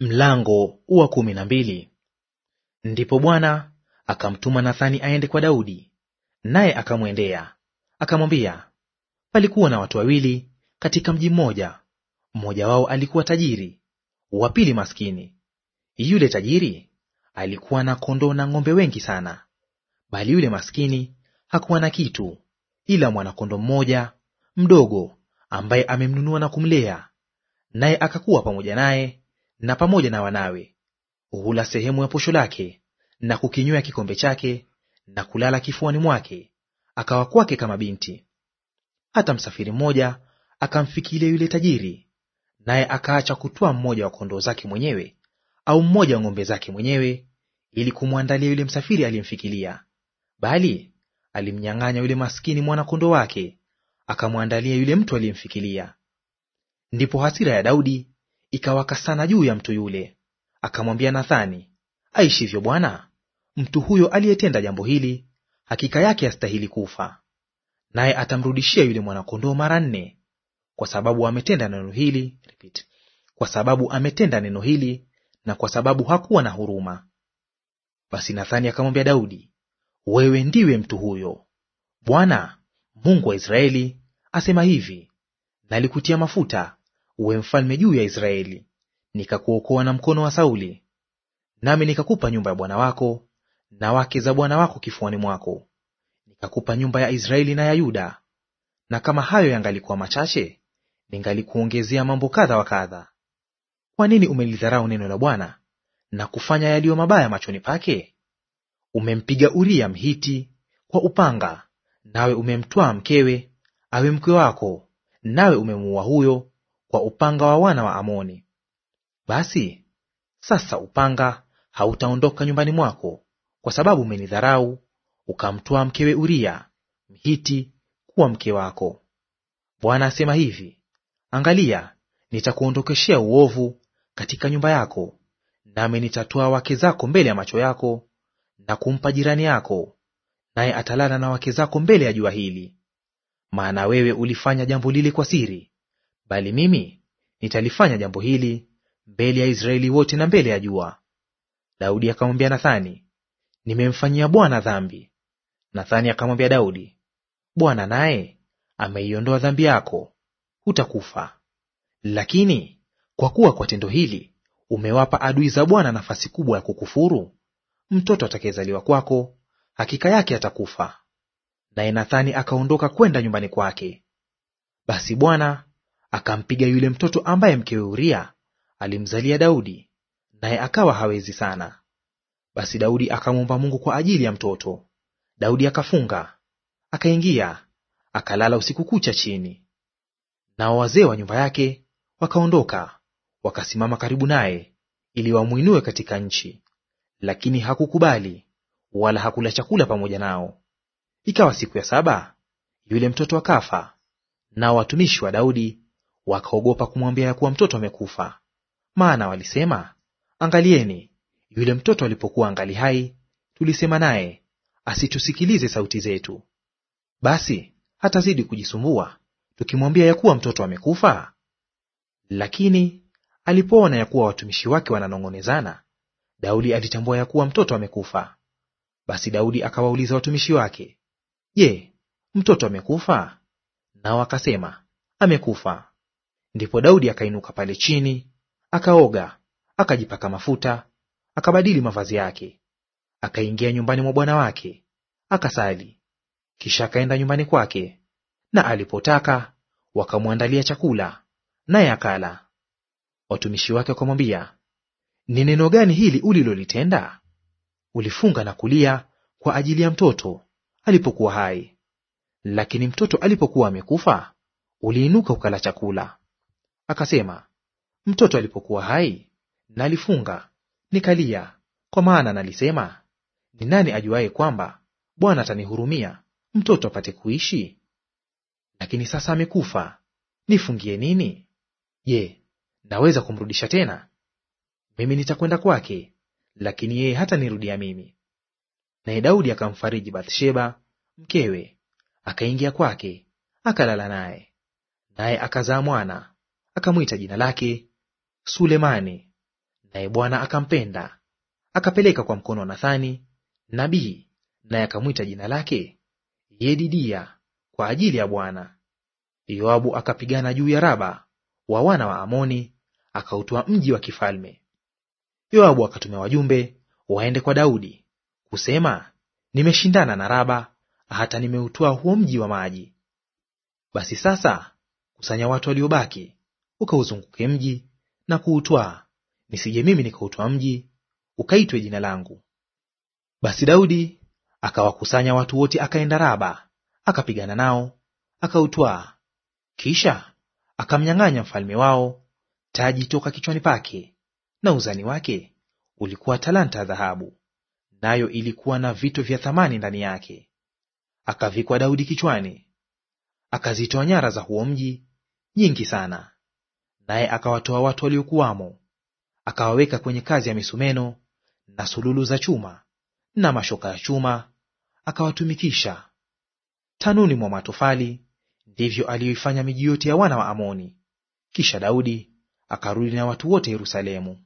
Mlango wa kumi na mbili. Ndipo Bwana akamtuma Nathani aende kwa Daudi, naye akamwendea akamwambia, palikuwa na watu wawili katika mji mmoja, mmoja wao alikuwa tajiri, wa pili maskini. Yule tajiri alikuwa na kondoo na ng'ombe wengi sana, bali yule maskini hakuwa na kitu ila mwana mmoja mdogo, ambaye amemnunua na kumlea, naye akakuwa pamoja naye na pamoja na wanawe hula sehemu ya posho lake na kukinywea kikombe chake na kulala kifuani mwake, akawa kwake kama binti. Hata msafiri mmoja akamfikilia yule tajiri, naye akaacha kutwa mmoja wa kondoo zake mwenyewe au mmoja wa ng'ombe zake mwenyewe ili kumwandalia yule msafiri aliyemfikilia, bali alimnyang'anya yule maskini mwana-kondoo wake, akamwandalia yule mtu aliyemfikilia. Ndipo hasira ya Daudi ikawaka sana juu ya mtu yule. Akamwambia Nathani, aishivyo Bwana, mtu huyo aliyetenda jambo hili hakika yake astahili kufa, naye atamrudishia yule mwanakondoo mara nne, kwa sababu ametenda neno hili repeat, kwa sababu ametenda neno hili na kwa sababu hakuwa na huruma. Basi Nathani akamwambia Daudi, wewe ndiwe mtu huyo. Bwana Mungu wa Israeli asema hivi, nalikutia mafuta uwe mfalme juu ya Israeli, nikakuokoa na mkono wa Sauli, nami nikakupa nyumba ya bwana wako na wake za bwana wako kifuani mwako, nikakupa nyumba ya Israeli na ya Yuda. Na kama hayo yangalikuwa machache, ningalikuongezea mambo kadha wa kadha. Kwa nini umelidharau neno la Bwana na kufanya yaliyo mabaya machoni pake? Umempiga Uria Mhiti kwa upanga, nawe umemtwaa mkewe awe mke wako, nawe umemuua huyo kwa upanga wa wana wa Amoni. Basi sasa upanga hautaondoka nyumbani mwako, kwa sababu umenidharau ukamtoa mkewe Uria Mhiti kuwa mke wako. Bwana asema hivi, angalia, nitakuondokeshea uovu katika nyumba yako, nami nitatoa wake zako mbele ya macho yako na kumpa jirani yako, naye atalala na wake zako mbele ya jua hili. Maana wewe ulifanya jambo lile kwa siri, Bali mimi nitalifanya jambo hili mbele ya Israeli wote na mbele ya jua. Daudi akamwambia Nathani, nimemfanyia Bwana dhambi. Nathani akamwambia Daudi, Bwana naye ameiondoa dhambi yako, hutakufa. Lakini kwa kuwa kwa tendo hili umewapa adui za Bwana nafasi kubwa ya kukufuru, mtoto atakayezaliwa kwako hakika yake atakufa. Naye Nathani akaondoka kwenda nyumbani kwake. Basi Bwana akampiga yule mtoto ambaye mkewe Uria alimzalia Daudi, naye akawa hawezi sana. Basi Daudi akamwomba Mungu kwa ajili ya mtoto. Daudi akafunga, akaingia, akalala usiku kucha chini. Nao wazee wa nyumba yake wakaondoka, wakasimama karibu naye ili wamwinue katika nchi, lakini hakukubali wala hakula chakula pamoja nao. Ikawa siku ya saba yule mtoto akafa, nao watumishi wa Daudi Wakaogopa kumwambia ya kuwa mtoto amekufa, maana walisema, angalieni, yule mtoto alipokuwa angali hai tulisema naye asitusikilize sauti zetu. Basi hatazidi kujisumbua tukimwambia ya kuwa mtoto amekufa. Lakini alipoona ya kuwa watumishi wake wananong'onezana, Daudi alitambua ya kuwa mtoto amekufa. Basi Daudi akawauliza watumishi wake, Je, mtoto amekufa? Nao akasema amekufa. Ndipo Daudi akainuka pale chini, akaoga, akajipaka mafuta, akabadili mavazi yake, akaingia nyumbani mwa bwana wake, akasali. Kisha akaenda nyumbani kwake, na alipotaka wakamwandalia chakula, naye akala. Watumishi wake wakamwambia, ni neno gani hili ulilolitenda? Ulifunga na kulia kwa ajili ya mtoto alipokuwa hai, lakini mtoto alipokuwa amekufa uliinuka ukala chakula. Akasema, mtoto alipokuwa hai nalifunga nikalia, kwa maana nalisema, ni nani ajuaye kwamba Bwana atanihurumia mtoto apate kuishi? Lakini sasa amekufa, nifungie nini? Je, naweza kumrudisha tena? Mimi nitakwenda kwake, lakini yeye hatanirudia mimi. Naye Daudi akamfariji Bathsheba mkewe, akaingia kwake akalala naye, naye akazaa mwana akamwita jina lake Sulemani, naye Bwana akampenda, akapeleka kwa mkono wa Nathani nabii, naye akamwita jina lake Yedidia kwa ajili ya Bwana. Yoabu akapigana juu ya Raba wa wana wa Amoni, akautoa mji wa kifalme. Yoabu akatuma wajumbe waende kwa Daudi kusema, nimeshindana na Raba hata nimeutoa huo mji wa maji. Basi sasa kusanya watu waliobaki, ukauzunguke mji na kuutwaa, nisije mimi nikautwaa mji ukaitwe jina langu. Basi Daudi akawakusanya watu wote, akaenda Raba, akapigana nao, akautwaa. Kisha akamnyang'anya mfalme wao taji toka kichwani pake, na uzani wake ulikuwa talanta ya dhahabu, nayo ilikuwa na vito vya thamani ndani yake. Akavikwa Daudi kichwani. Akazitoa nyara za huo mji nyingi sana naye akawatoa watu waliokuwamo, akawaweka kwenye kazi ya misumeno na sululu za chuma na mashoka ya chuma, akawatumikisha. Tanuni mwa matofali ndivyo aliyoifanya miji yote ya wana wa Amoni. Kisha Daudi akarudi na watu wote Yerusalemu.